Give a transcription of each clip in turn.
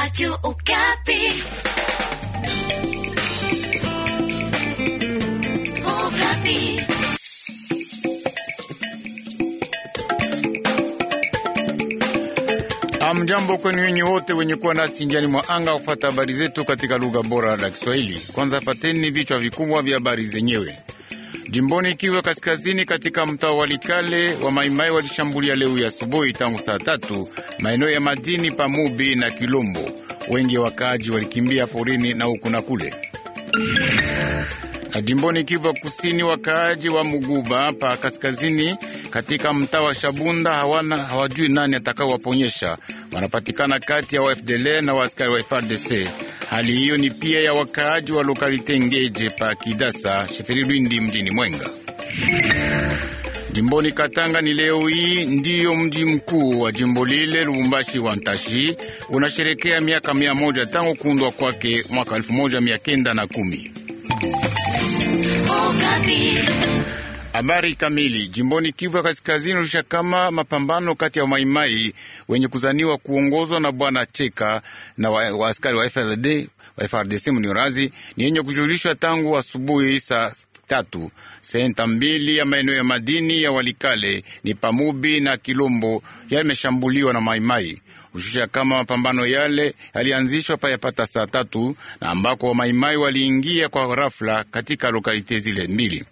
Radio Okapi. Okapi. Amjambo kwenu nyinyi wote wenye kuwa nasi njiani mwa anga kufuata habari zetu katika lugha bora la Kiswahili. Kwanza pateni vichwa vikubwa vya habari zenyewe jimboni Kivu Kaskazini, katika mtaa wa Likale wa Maimai walishambulia leo ya asubuhi tangu saa tatu maeneo ya madini Pamubi na Kilombo. Wengi wakaaji walikimbia porini na huku na kule. Na jimboni Kivu Kusini, wakaaji wa Muguba pa kaskazini katika mtaa wa Shabunda hawana hawajui nani atakaowaponyesha. Wanapatikana kati ya wa FDL na waaskari wa FRDC. Hali hiyo ni pia ya wakaaji wa lokalite Ngeje pa Kidasa Sheferi Lwindi mjini Mwenga jimboni Katanga. Ni leo hii ndiyo mji mkuu wa jimbo lile Lubumbashi wa Ntashi unasherekea miaka mia moja tangu kuundwa kwake mwaka elfu moja mia kenda na kumi. Oh, Habari kamili jimboni Kivu ya Kaskazini ulisha kama mapambano kati ya wamaimai wenye kuzaniwa kuongozwa na bwana Cheka na waaskari wa, wa FLD wa FARDC mniorazi ni yenye kujulishwa tangu asubuhi saa tatu senta mbili ya maeneo ya madini ya Walikale ni Pamubi na Kilombo yameshambuliwa na maimai kushusha kama mapambano yale yalianzishwa payapata saa tatu na ambako wamaimai waliingia kwa rafla katika lokalite zile mbili.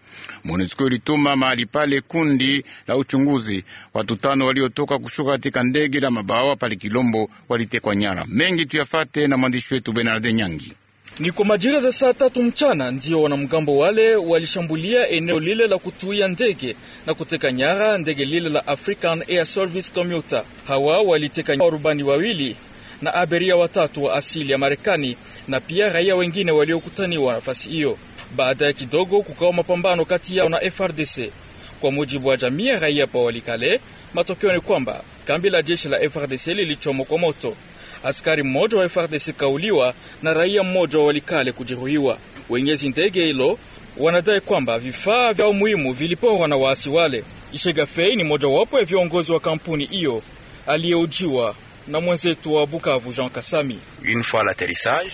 MONUSCO ilituma mahali pale kundi la uchunguzi. Watu tano waliotoka kushuka katika ndege la mabawa pale Kilombo walitekwa nyara. Mengi tuyafate na mwandishi wetu Benarde Nyangi. Ni kwa majira za saa tatu mchana ndio wanamgambo wale walishambulia eneo lile la kutuia ndege na kuteka nyara ndege lile la African Air Service commuter. Hawa waliteka warubani wawili na abiria watatu wa asili ya Marekani na pia raia wengine waliokutaniwa nafasi hiyo. Baada ya kidogo kukawa mapambano kati yao na FRDC. Kwa mujibu wa jamii raia pa Walikale, matokeo ni kwamba kambi la jeshi la FRDC lilichomwa kwa moto askari mmoja wa FRDC kauliwa na raia mmoja wa Walikale kujeruhiwa. Wenyezi ndege hilo wanadai kwamba vifaa vyao muhimu viliporwa na waasi wale. ishega Fei ni mojawapo ya viongozi wa kampuni hiyo aliyeujiwa na mwenzetu wa Bukavu Jean Kasami.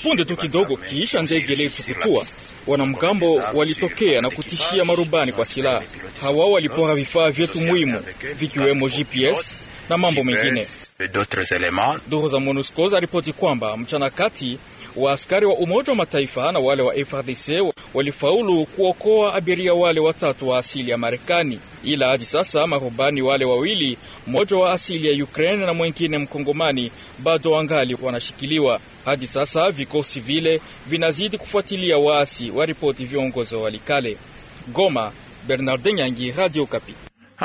Punde tu kidogo kiisha ndege letu kutua, wanamgambo walitokea na kutishia marubani kwa silaha. Hawa walipora vifaa vyetu muhimu vikiwemo GPS na mambo mengine. Duru za MONUSCO zaripoti kwamba mchana kati wa askari wa Umoja wa Mataifa na wale wa FRDC walifaulu kuokoa abiria wale watatu wa asili ya Marekani, ila hadi sasa marubani wale wawili, mmoja wa asili ya Ukraine na mwengine Mkongomani, bado wangali wanashikiliwa. Hadi sasa vikosi vile vinazidi kufuatilia waasi, waripoti viongozi wa Walikale. Goma, Bernardin Nyangi, Radio Kapi.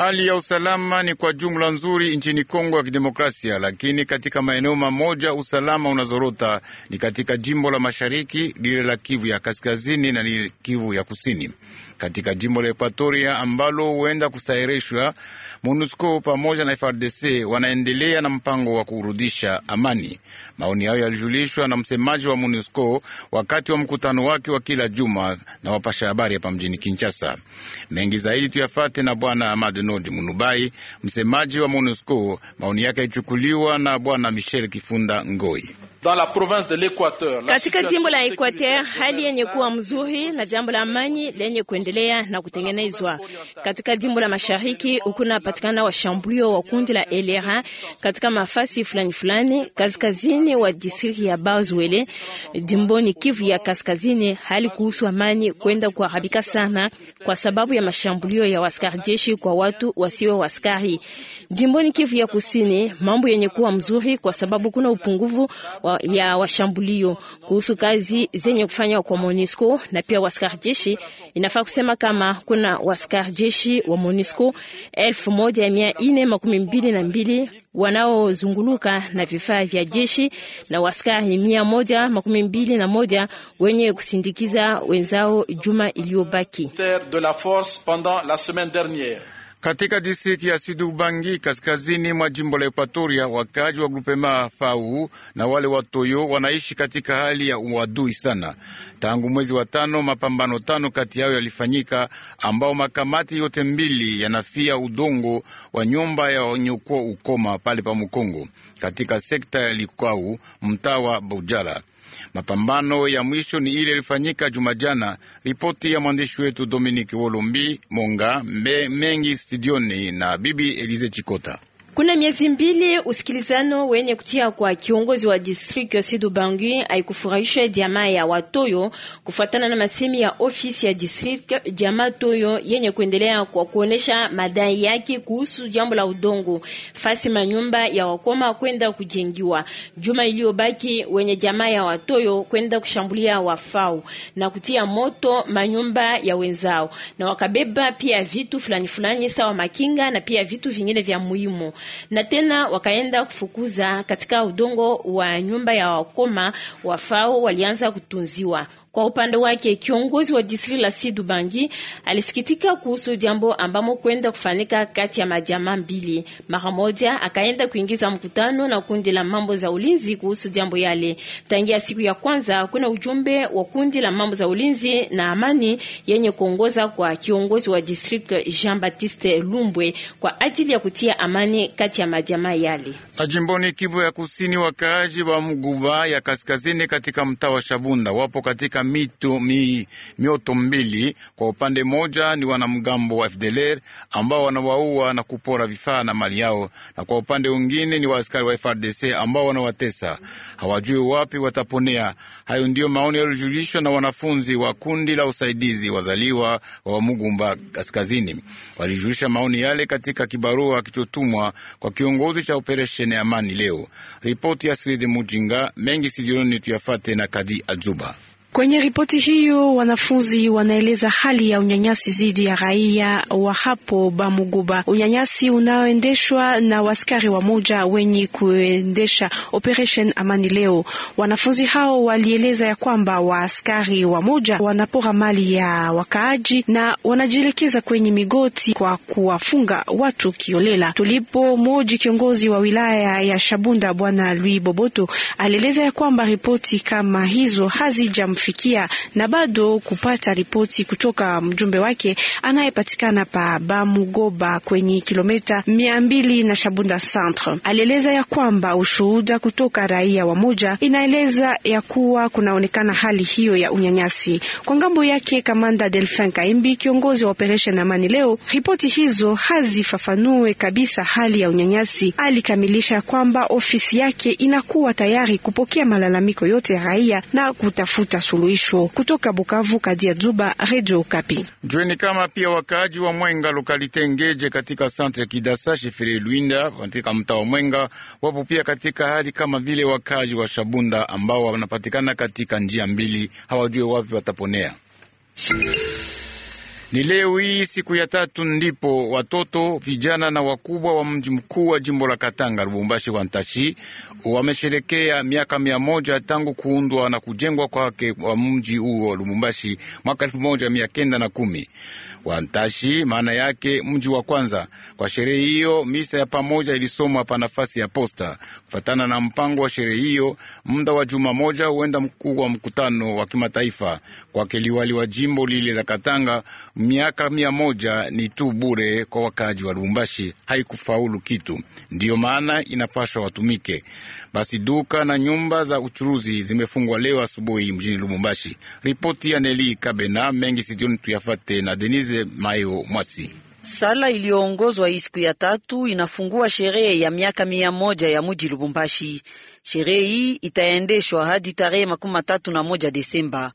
Hali ya usalama ni kwa jumla nzuri nchini Kongo ya Kidemokrasia, lakini katika maeneo mamoja usalama unazorota. Ni katika jimbo la mashariki lile la Kivu ya kaskazini na lile Kivu ya kusini katika jimbo la Ekwatoria ambalo huenda kustahirishwa. MONUSCO pamoja na frdc wanaendelea na mpango wa kurudisha amani. Maoni hayo yalijulishwa na msemaji wa MONUSCO wakati wa mkutano wake wa kila juma na wapasha habari hapa mjini Kinshasa. Mengi zaidi tuyafate na Bwana Amadu Munubai, msemaji wa MONUSCO. Maoni yake yalichukuliwa na Bwana Michel Kifunda Ngoi. Dans la province de l'Equateur, katika jimbo la Equateur hali yenye kuwa mzuri na jambo la amani lenye kuendelea yanaendelea na kutengenezwa katika jimbo la mashariki. Huku napatikana washambulio wa kundi la LRA katika mafasi fulani fulani kaskazini wa distrikti ya Bazwele jimboni Kivu ya kaskazini. Hali kuhusu amani kwenda kuharibika sana kwa sababu ya mashambulio ya waskari jeshi kwa watu wasio waskari. Jimboni Kivu ya Kusini, mambo yenye kuwa mzuri kwa sababu kuna upungufu wa, ya washambulio. Kuhusu kazi zenye kufanywa kwa MONUSCO na pia waskari jeshi, inafaa kusema kama kuna waskari jeshi wa MONUSCO elfu moja mia nne makumi mbili na mbili wanaozunguluka na vifaa vya jeshi na waskari mia moja makumi mbili na moja wenye kusindikiza wenzao juma iliyobaki de la force pendant la semaine dernière. Katika distrikti ya Sud Ubangi kaskazini mwa jimbo la Ekuatoria, wakaji wa grupema Fau na wale wa Toyo wanaishi katika hali ya uadui sana tangu mwezi wa tano. Mapambano tano kati yao yalifanyika, ambao makamati yote mbili yanafia udongo wa nyumba ya nyoko ukoma pale pa Mukongo katika sekta ya Likau mtaa wa Bujala. Mapambano ya mwisho ni ile ilifanyika Jumajana. Ripoti ya mwandishi wetu Dominiki wolumbi Monga me, mengi studioni na bibi Elize Chikota. Kuna miezi mbili usikilizano wenye kutia kwa kiongozi wa district ya Sidu Bangui haikufurahisha jamaa ya Watoyo, kufuatana na masemi ya ofisi ya district. Jamaa Toyo yenye kuendelea kwa kuonesha madai yake kuhusu jambo la udongo fasi manyumba ya wakoma kwenda kujengiwa. Juma iliyobaki wenye jamaa ya Watoyo kwenda kushambulia wafau na kutia moto manyumba ya wenzao, na wakabeba pia vitu fulani fulani sawa makinga na pia vitu vingine vya muhimu na tena wakaenda kufukuza katika udongo wa nyumba ya wakoma. Wafao walianza kutunziwa kwa upande wake kiongozi wa jisiri la Sidu bangi alisikitika kuhusu jambo ambamo kwenda kufanyika kati ya majamaa mbili. Mara moja akaenda kuingiza mkutano na kundi la mambo za ulinzi kuhusu jambo yale. Tangia siku ya kwanza kuna ujumbe wa kundi la mambo za ulinzi na amani yenye kuongoza kwa kiongozi wa district Jean Baptiste Lumbwe kwa ajili ya kutia amani kati ya majamaa yale. Ajimboni Kivu ya Kusini, wakaaji wa Mguba ya Kaskazini katika mtaa wa Shabunda wapo katika katika mito, mi, mioto mbili. Kwa upande mmoja ni wanamgambo wa FDLR ambao wanawaua na kupora vifaa na mali yao, na kwa upande mwingine ni waaskari wa FRDC ambao wanawatesa, hawajui wapi wataponea. Hayo ndiyo maoni yaliyojulishwa na wanafunzi wa kundi la usaidizi wazaliwa wa Mugumba Kaskazini. Walijulisha maoni yale katika kibarua kilichotumwa kwa kiongozi cha operesheni ya amani leo. Ripoti ya Siridi Mujinga mengi sijioni tuyafate na Kadi Azuba. Kwenye ripoti hiyo wanafunzi wanaeleza hali ya unyanyasi dhidi ya raia wa hapo Bamuguba, unyanyasi unaoendeshwa na waskari wamoja wenye kuendesha Operation Amani Leo. Wanafunzi hao walieleza ya kwamba waaskari wamoja wanapora mali ya wakaaji na wanajielekeza kwenye migoti kwa kuwafunga watu kiolela. Tulipo moji kiongozi wa wilaya ya Shabunda, Bwana Lui Boboto alieleza ya kwamba ripoti kama hizo hazija kumfikia na bado kupata ripoti kutoka mjumbe wake anayepatikana pa Bamugoba kwenye kilomita mia mbili na Shabunda Centre. Alieleza ya kwamba ushuhuda kutoka raia wa moja inaeleza ya kuwa kunaonekana hali hiyo ya unyanyasi. Kwa ngambo yake, kamanda Delfin Kaimbi, kiongozi wa operation Amani Leo, ripoti hizo hazifafanue kabisa hali ya unyanyasi. Alikamilisha ya kwamba ofisi yake inakuwa tayari kupokea malalamiko yote ya raia na kutafuta suluhisho. Kutoka Bukavu, Kadia Zuba, Redio Okapi. Jueni kama pia wakaaji wa Mwenga lokalite Ngeje katika santre Kidasa shefere Luinda katika mtaa wa Mwenga wapo pia katika hali kama vile wakaaji wa Shabunda ambao wanapatikana katika njia mbili, hawajue wapi wataponea ni leo hii siku ya tatu ndipo watoto vijana na wakubwa wa mji mkuu wa jimbo la Katanga, Lubumbashi wa Ntashi, wamesherekea miaka mia moja tangu kuundwa na kujengwa kwake wa mji huo Lubumbashi mwaka elfu moja mia kenda na kumi wa Ntashi, maana yake mji wa kwanza. Kwa sherehe hiyo, misa ya pamoja ilisomwa pa nafasi ya posta. Kufatana na mpango wa sherehe hiyo, muda wa juma moja huenda mkuu wa mkutano wa kimataifa kwake liwali wa jimbo lile la Katanga miaka mia moja ni tu bure kwa wakaaji wa Lubumbashi, haikufaulu kitu. Ndiyo maana inapashwa watumike. Basi duka na nyumba za uchuruzi zimefungwa leo asubuhi mjini Lubumbashi. Ripoti ya Neli Kabena mengi sidioni tuyafate na Denise Mayo Mwasi. Sala iliyoongozwa hii siku ya tatu inafungua sherehe ya miaka mia moja ya muji Lubumbashi. Sherehe hii itaendeshwa hadi tarehe makumi matatu na moja Desemba.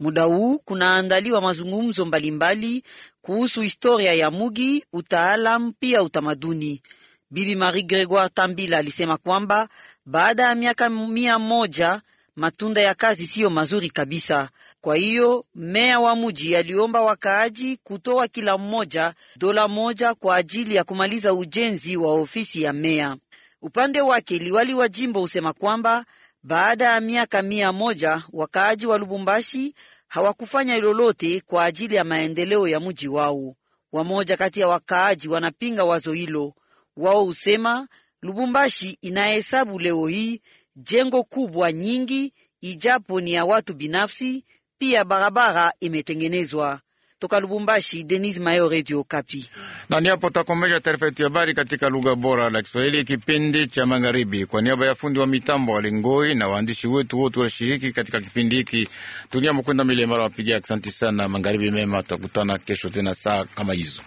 Muda huu kunaandaliwa mazungumzo mbalimbali kuhusu historia ya mugi, utaalam pia utamaduni. Bibi Marie Gregoire Tambila alisema kwamba baada ya miaka mia moja matunda ya kazi siyo mazuri kabisa. Kwa hiyo meya wa muji aliomba wakaaji kutoa kila mmoja dola moja kwa ajili ya kumaliza ujenzi wa ofisi ya meya. Upande wake liwali wa jimbo husema kwamba baada ya miaka mia moja wakaaji wa Lubumbashi hawakufanya lolote kwa ajili ya maendeleo ya mji wao. Wamoja kati ya wakaaji wanapinga wazo hilo. Wao husema Lubumbashi inahesabu leo hii jengo kubwa nyingi, ijapo ni ya watu binafsi. Pia barabara imetengenezwa. Toka Lubumbashi, Denis Mayo, Radio Kapi. Na ni hapo takomesha taarifa yetu ya habari katika lugha bora la Kiswahili, kipindi cha magharibi. Kwa niaba ya fundi wa mitambo Walengoi na waandishi wetu wote walishiriki katika kipindi hiki, tunia Mkwenda mara wapiga. asanti sana. Magharibi mema, tutakutana kesho tena saa kama hizo.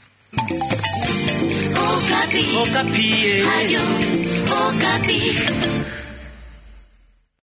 Okapi. Okapi. Eh.